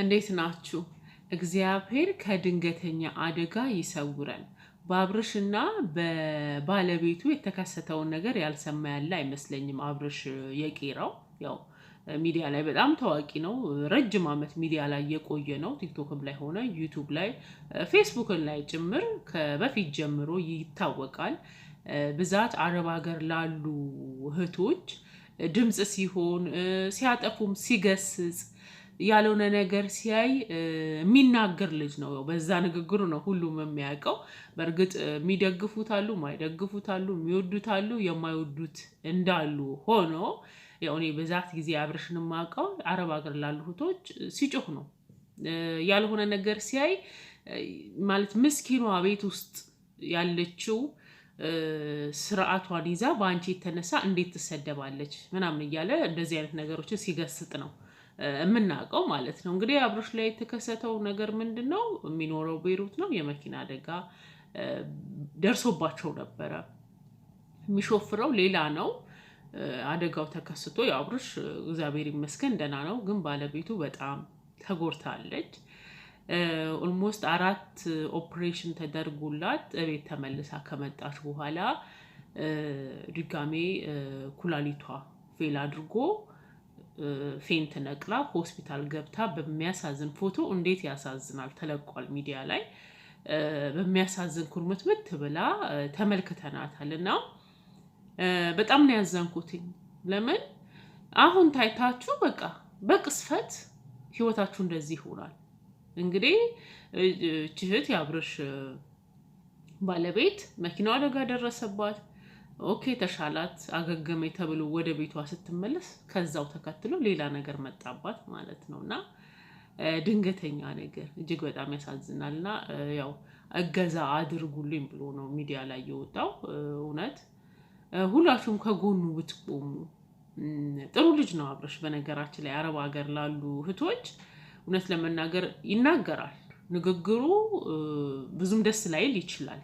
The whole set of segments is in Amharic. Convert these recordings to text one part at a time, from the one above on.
እንዴት ናችሁ? እግዚአብሔር ከድንገተኛ አደጋ ይሰውረን። በአብርሽ እና በባለቤቱ የተከሰተውን ነገር ያልሰማ ያለ አይመስለኝም። አብርሽ የቄራው ያው ሚዲያ ላይ በጣም ታዋቂ ነው። ረጅም ዓመት ሚዲያ ላይ የቆየ ነው። ቲክቶክም ላይ ሆነ ዩቱብ ላይ ፌስቡክን ላይ ጭምር ከበፊት ጀምሮ ይታወቃል። ብዛት አረብ ሀገር ላሉ እህቶች ድምፅ ሲሆን ሲያጠፉም ሲገስጽ ያልሆነ ነገር ሲያይ የሚናገር ልጅ ነው። በዛ ንግግሩ ነው ሁሉም የሚያውቀው። በእርግጥ የሚደግፉት አሉ፣ ማይደግፉት አሉ፣ የሚወዱት አሉ፣ የማይወዱት እንዳሉ ሆኖ ያው እኔ በዛት ጊዜ አብርሽን የማውቀው አረብ ሀገር ላሉ እህቶች ሲጮህ ነው። ያልሆነ ነገር ሲያይ ማለት ምስኪኗ ቤት ውስጥ ያለችው ስርዓቷን ይዛ በአንቺ የተነሳ እንዴት ትሰደባለች ምናምን እያለ እንደዚህ አይነት ነገሮችን ሲገስጥ ነው። የምናውቀው ማለት ነው። እንግዲህ አብሮሽ ላይ የተከሰተው ነገር ምንድን ነው? የሚኖረው ቤሩት ነው። የመኪና አደጋ ደርሶባቸው ነበረ። የሚሾፍረው ሌላ ነው። አደጋው ተከስቶ ያው እግዚአብሔር ይመስገን ደህና ነው፣ ግን ባለቤቱ በጣም ተጎድታለች። ኦልሞስት አራት ኦፕሬሽን ተደርጎላት እቤት ተመልሳ ከመጣች በኋላ ድጋሜ ኩላሊቷ ፌል አድርጎ ፌንት ነቅላ ሆስፒታል ገብታ በሚያሳዝን ፎቶ እንዴት ያሳዝናል! ተለቋል ሚዲያ ላይ በሚያሳዝን ኩርምትምት ብላ ተመልክተናታል። እና በጣም ነው ያዘንኩትኝ። ለምን አሁን ታይታችሁ በቃ በቅስፈት ህይወታችሁ እንደዚህ ይሆናል። እንግዲህ ችህት የአብርሽ ባለቤት መኪናው አደጋ ደረሰባት። ኦኬ ተሻላት፣ አገገመ ተብሎ ወደ ቤቷ ስትመለስ ከዛው ተከትሎ ሌላ ነገር መጣባት ማለት ነው። እና ድንገተኛ ነገር እጅግ በጣም ያሳዝናል። እና ያው እገዛ አድርጉልኝ ብሎ ነው ሚዲያ ላይ የወጣው። እውነት ሁላችሁም ከጎኑ ብትቆሙ ጥሩ ልጅ ነው አብረሽ። በነገራችን ላይ አረብ ሀገር ላሉ እህቶች እውነት ለመናገር ይናገራል። ንግግሩ ብዙም ደስ ላይል ይችላል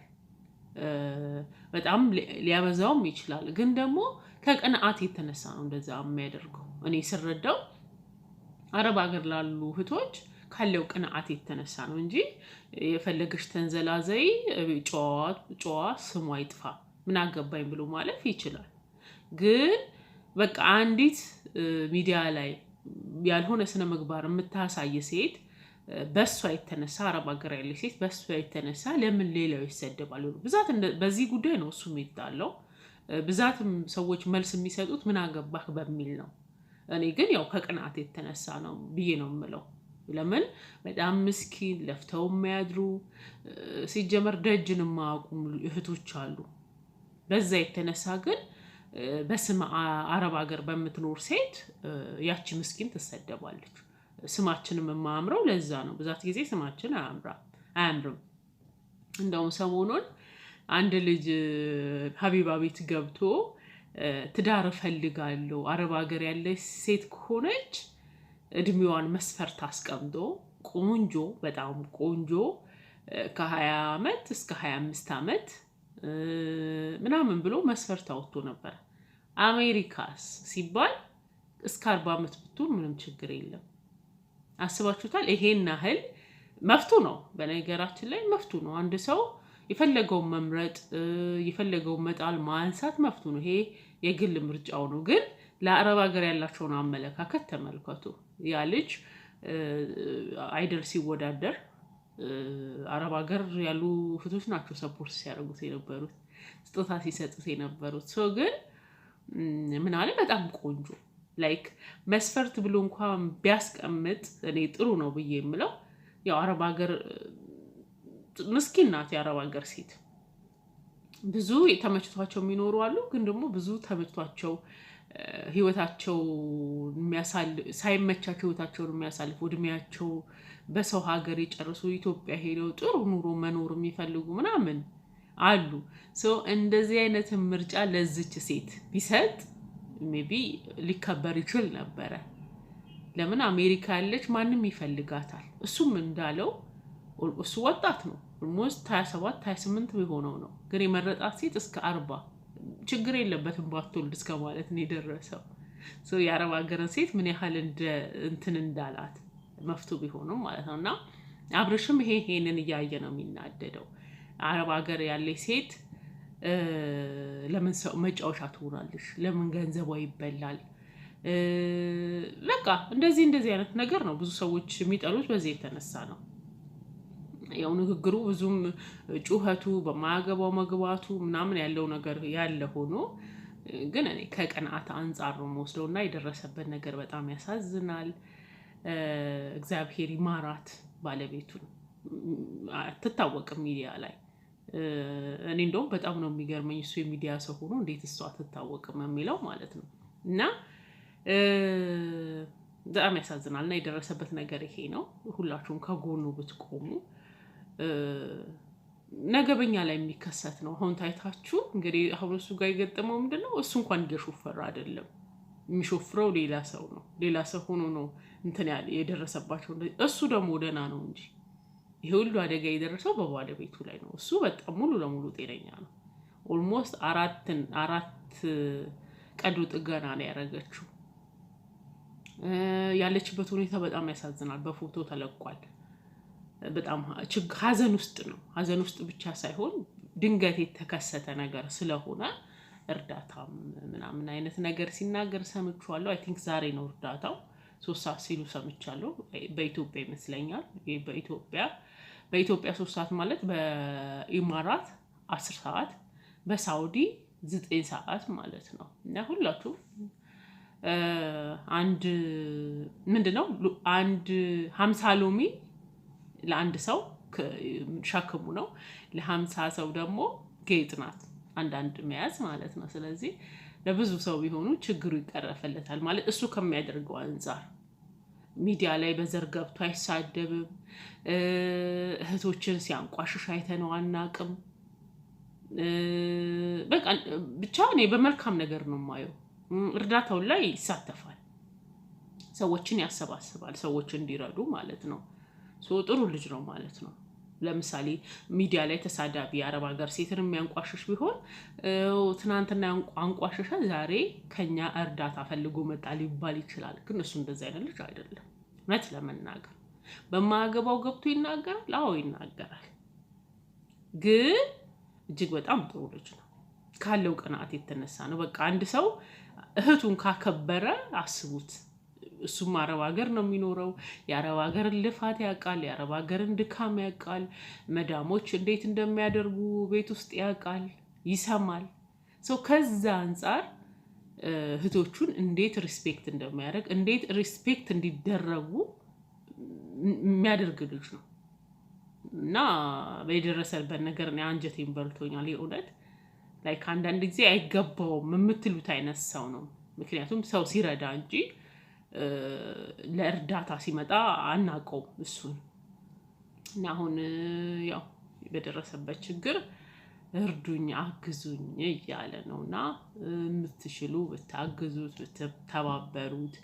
በጣም ሊያበዛውም ይችላል። ግን ደግሞ ከቅንዓት የተነሳ ነው እንደዛ የሚያደርገው። እኔ ስረዳው አረብ ሀገር ላሉ እህቶች ካለው ቅንአት የተነሳ ነው እንጂ የፈለገች ተንዘላዘይ ጨዋ ስሙ አይጥፋ ምን አገባኝ ብሎ ማለፍ ይችላል። ግን በቃ አንዲት ሚዲያ ላይ ያልሆነ ስነ ምግባር የምታሳይ ሴት በእሷ የተነሳ አረብ ሀገር ያለ ሴት በእሷ የተነሳ ለምን ሌላው ይሰደባል? ብዛት በዚህ ጉዳይ ነው እሱ የሚጣለው። ብዛትም ሰዎች መልስ የሚሰጡት ምን አገባህ በሚል ነው። እኔ ግን ያው ከቅናት የተነሳ ነው ብዬ ነው የምለው። ለምን በጣም ምስኪን ለፍተው የሚያድሩ ሲጀመር ደጅን የማያውቁ እህቶች አሉ። በዛ የተነሳ ግን በስም አረብ ሀገር በምትኖር ሴት ያቺ ምስኪን ትሰደባለች። ስማችንም የማያምረው ለዛ ነው። ብዛት ጊዜ ስማችን አያምርም። እንደውም ሰሞኑን አንድ ልጅ ሀቢባ ቤት ገብቶ ትዳር እፈልጋለሁ አረብ ሀገር ያለች ሴት ከሆነች እድሜዋን መስፈርት አስቀምጦ ቆንጆ፣ በጣም ቆንጆ ከሀያ ዓመት እስከ ሀያ አምስት ዓመት ምናምን ብሎ መስፈርት አውጥቶ ነበር። አሜሪካስ ሲባል እስከ አርባ ዓመት ብትሆን ምንም ችግር የለም። አስባችሁታል? ይሄን ያህል መፍቱ ነው። በነገራችን ላይ መፍቱ ነው። አንድ ሰው የፈለገውን መምረጥ የፈለገውን መጣል ማንሳት መፍቱ ነው። ይሄ የግል ምርጫው ነው። ግን ለአረብ ሀገር ያላቸውን አመለካከት ተመልከቱ። ያ ልጅ አይደል ሲወዳደር አረብ ሀገር ያሉ እህቶች ናቸው ሰፖርት ሲያደርጉት የነበሩት ስጦታ ሲሰጡት የነበሩት ሰው ግን ምን በጣም ቆንጆ ላይክ መስፈርት ብሎ እንኳን ቢያስቀምጥ እኔ ጥሩ ነው ብዬ የምለው ያው አረብ ሀገር ምስኪን ናት። የአረብ ሀገር ሴት ብዙ ተመችቷቸው የሚኖሩ አሉ፣ ግን ደግሞ ብዙ ተመችቷቸው ህይወታቸው ሳይመቻቸው ህይወታቸውን የሚያሳልፉ እድሜያቸው በሰው ሀገር የጨርሱ ኢትዮጵያ ሄደው ጥሩ ኑሮ መኖር የሚፈልጉ ምናምን አሉ። ሰው እንደዚህ አይነትን ምርጫ ለዝች ሴት ቢሰጥ ሜቢ ሊከበር ይችል ነበረ። ለምን አሜሪካ ያለች ማንም ይፈልጋታል። እሱም እንዳለው እሱ ወጣት ነው። ኦልሞስት 27 28 የሆነው ነው። ግን የመረጣት ሴት እስከ አርባ ችግር የለበትም ባትወልድ እስከ ማለት ነው የደረሰው። የአረብ ሀገርን ሴት ምን ያህል እንትን እንዳላት መፍቱ ቢሆንም ማለት ነው እና አብርሽም ይሄ ይሄንን እያየ ነው የሚናደደው አረብ ሀገር ያለች ሴት ለምን ሰው መጫወቻ ትሆናለሽ? ለምን ገንዘቧ ይበላል? በቃ እንደዚህ እንደዚህ አይነት ነገር ነው ብዙ ሰዎች የሚጠሉት በዚህ የተነሳ ነው። ያው ንግግሩ ብዙም ጩኸቱ በማያገባው መግባቱ ምናምን ያለው ነገር ያለ ሆኖ ግን እኔ ከቅንዓት አንጻር ነው መወስደው እና የደረሰበት ነገር በጣም ያሳዝናል። እግዚአብሔር ይማራት ባለቤቱን። አትታወቅም ሚዲያ ላይ እኔ እንደውም በጣም ነው የሚገርመኝ እሱ የሚዲያ ሰው ሆኖ እንዴት እሷ አትታወቅም የሚለው ማለት ነው። እና በጣም ያሳዝናል። እና የደረሰበት ነገር ይሄ ነው። ሁላችሁም ከጎኑ ብትቆሙ ነገ በኛ ላይ የሚከሰት ነው። አሁን ታይታችሁ እንግዲህ አሁን እሱ ጋር የገጠመው ምንድን ነው? እሱ እንኳን እየሾፈረ አይደለም፣ የሚሾፍረው ሌላ ሰው ነው። ሌላ ሰው ሆኖ ነው እንትን ያለ የደረሰባቸው። እሱ ደግሞ ደህና ነው እንጂ ይሄ ሁሉ አደጋ የደረሰው በባለቤቱ ላይ ነው። እሱ በጣም ሙሉ ለሙሉ ጤነኛ ነው። ኦልሞስት አራት ቀዶ ጥገና ነው ያደረገችው። ያለችበት ሁኔታ በጣም ያሳዝናል። በፎቶ ተለቋል። በጣም ሀዘን ውስጥ ነው። ሀዘን ውስጥ ብቻ ሳይሆን ድንገት የተከሰተ ነገር ስለሆነ እርዳታም ምናምን አይነት ነገር ሲናገር ሰምቼዋለሁ። አይ ቲንክ ዛሬ ነው እርዳታው ሶስት ሰዓት ሲሉ ሰምቻለሁ። በኢትዮጵያ ይመስለኛል። በኢትዮጵያ በኢትዮጵያ ሶስት ሰዓት ማለት በኢማራት አስር ሰዓት በሳውዲ ዘጠኝ ሰዓት ማለት ነው። እና ሁላችሁም አንድ ምንድን ነው አንድ ሀምሳ ሎሚ ለአንድ ሰው ሸክሙ ነው። ለሀምሳ ሰው ደግሞ ጌጥ ናት። አንዳንድ መያዝ ማለት ነው። ስለዚህ ለብዙ ሰው ቢሆኑ ችግሩ ይቀረፈለታል ማለት እሱ ከሚያደርገው አንጻር ሚዲያ ላይ በዘር ገብቶ አይሳደብም። እህቶችን ሲያንቋሽሽ አይተነው አናቅም። በቃ ብቻ እኔ በመልካም ነገር ነው የማየው። እርዳታውን ላይ ይሳተፋል፣ ሰዎችን ያሰባስባል፣ ሰዎች እንዲረዱ ማለት ነው። ጥሩ ልጅ ነው ማለት ነው። ለምሳሌ ሚዲያ ላይ ተሳዳቢ የአረብ ሀገር ሴትን የሚያንቋሽሽ ቢሆን ትናንትና አንቋሸሸ፣ ዛሬ ከኛ እርዳታ ፈልጎ መጣ ሊባል ይችላል። ግን እሱ እንደዚ አይነት ልጅ አይደለም። እውነት ለመናገር በማያገባው ገብቶ ይናገራል። አዎ ይናገራል። ግን እጅግ በጣም ጥሩ ልጅ ነው። ካለው ቀናት የተነሳ ነው። በቃ አንድ ሰው እህቱን ካከበረ አስቡት። እሱም አረብ ሀገር ነው የሚኖረው። የአረብ ሀገርን ልፋት ያውቃል። የአረብ ሀገርን ድካም ያውቃል። መዳሞች እንዴት እንደሚያደርጉ ቤት ውስጥ ያውቃል፣ ይሰማል። ሰው ከዛ አንጻር እህቶቹን እንዴት ሪስፔክት እንደሚያደርግ እንዴት ሪስፔክት እንዲደረጉ የሚያደርግ ልጅ ነው እና የደረሰበት ነገር እኔ አንጀቴን በልቶኛል። የእውነት ላይክ አንዳንድ ጊዜ አይገባውም የምትሉት አይነት ሰው ነው። ምክንያቱም ሰው ሲረዳ እንጂ ለእርዳታ ሲመጣ አናውቀውም እሱን እና አሁን ያው በደረሰበት ችግር እርዱኝ፣ አግዙኝ እያለ ነው እና የምትችሉ ብታግዙት ብትተባበሩት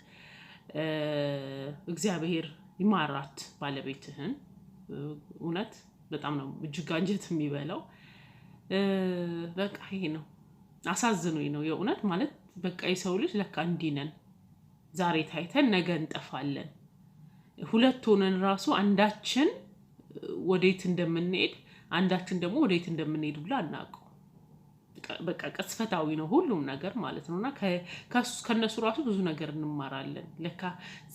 እግዚአብሔር ይማራት ባለቤትህን። እውነት በጣም ነው እጅግ አንጀት የሚበላው። በቃ ይሄ ነው አሳዝኖኝ ነው የእውነት ማለት በቃ የሰው ልጅ ለካ እንዲህ ነን። ዛሬ ታይተን ነገ እንጠፋለን። ሁለት ሆነን ራሱ አንዳችን ወዴት እንደምንሄድ አንዳችን ደግሞ ወዴት እንደምንሄድ ብሎ አናውቀው። በቃ ቅስፈታዊ ነው ሁሉም ነገር ማለት ነው። እና ከእነሱ ራሱ ብዙ ነገር እንማራለን። ለካ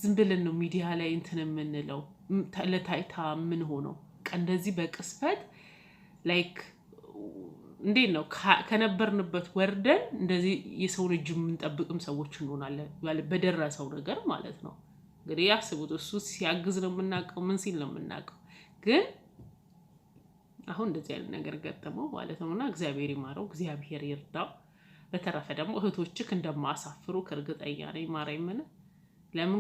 ዝም ብለን ነው ሚዲያ ላይ እንትን የምንለው ለታይታ ምን ሆነው እንደዚህ በቅስፈት ላይክ እንዴት ነው ከነበርንበት ወርደን እንደዚህ የሰውን እጅ የምንጠብቅም ሰዎች እንሆናለን። በደረሰው ነገር ማለት ነው እንግዲህ ያስቡት። እሱ ሲያግዝ ነው የምናውቀው፣ ምን ሲል ነው የምናውቀው። ግን አሁን እንደዚህ አይነት ነገር ገጠመው ማለት ነው እና እግዚአብሔር ይማረው፣ እግዚአብሔር ይርዳው። በተረፈ ደግሞ እህቶች እንደማሳፍሩ ከእርግጠኛ ነኝ። ማርያም ምን ለምን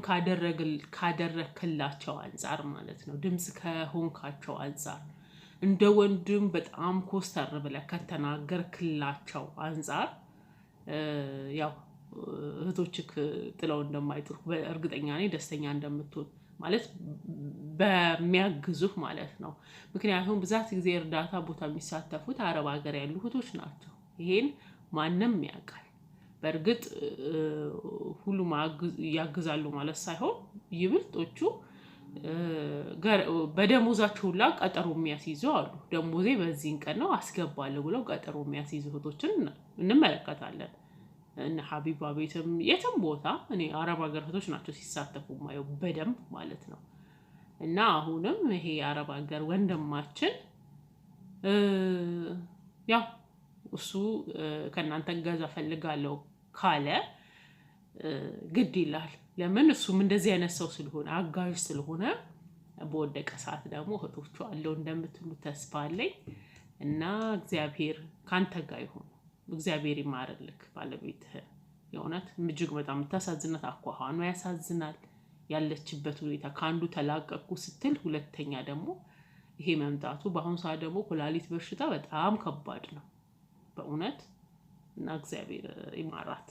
ካደረግክላቸው አንጻር ማለት ነው ድምፅ ከሆንካቸው አንጻር እንደ ወንድም በጣም ኮስተር ብለህ ከተናገርክላቸው አንጻር ያው እህቶችህ ጥለው እንደማይጥሩ እርግጠኛ ነኝ። ደስተኛ እንደምትሆን ማለት በሚያግዙህ ማለት ነው። ምክንያቱም ብዛት ጊዜ እርዳታ ቦታ የሚሳተፉት አረብ ሀገር ያሉ እህቶች ናቸው። ይሄን ማንም ያውቃል። በእርግጥ ሁሉም ያግዛሉ ማለት ሳይሆን ይብልጦቹ በደሞዛቸው ሁላ ቀጠሮ የሚያስይዙ አሉ። ደሞዜ በዚህን ቀን ነው አስገባለሁ ብለው ቀጠሮ የሚያስይዙ እህቶችን እንመለከታለን። እነ ሀቢባ ቤትም የትም ቦታ እኔ አረብ ሀገር እህቶች ናቸው ሲሳተፉ ማየው በደንብ ማለት ነው። እና አሁንም ይሄ የአረብ ሀገር ወንድማችን ያው እሱ ከእናንተ ገዛ ፈልጋለሁ ካለ ግድ ይላል። ለምን እሱም እንደዚህ አይነት ሰው ስለሆነ አጋዥ ስለሆነ በወደቀ ሰዓት ደግሞ እህቶቹ አለው እንደምትሉ ተስፋ አለኝ እና እግዚአብሔር ከአንተ ጋር ይሁን። እግዚአብሔር ይማርልክ ባለቤትህ። የእውነት እጅግ በጣም የምታሳዝናት አኳኋኗ ያሳዝናል። ያለችበት ሁኔታ ከአንዱ ተላቀቅኩ ስትል ሁለተኛ ደግሞ ይሄ መምጣቱ በአሁኑ ሰዓት ደግሞ ኩላሊት በሽታ በጣም ከባድ ነው በእውነት እና እግዚአብሔር ይማራት።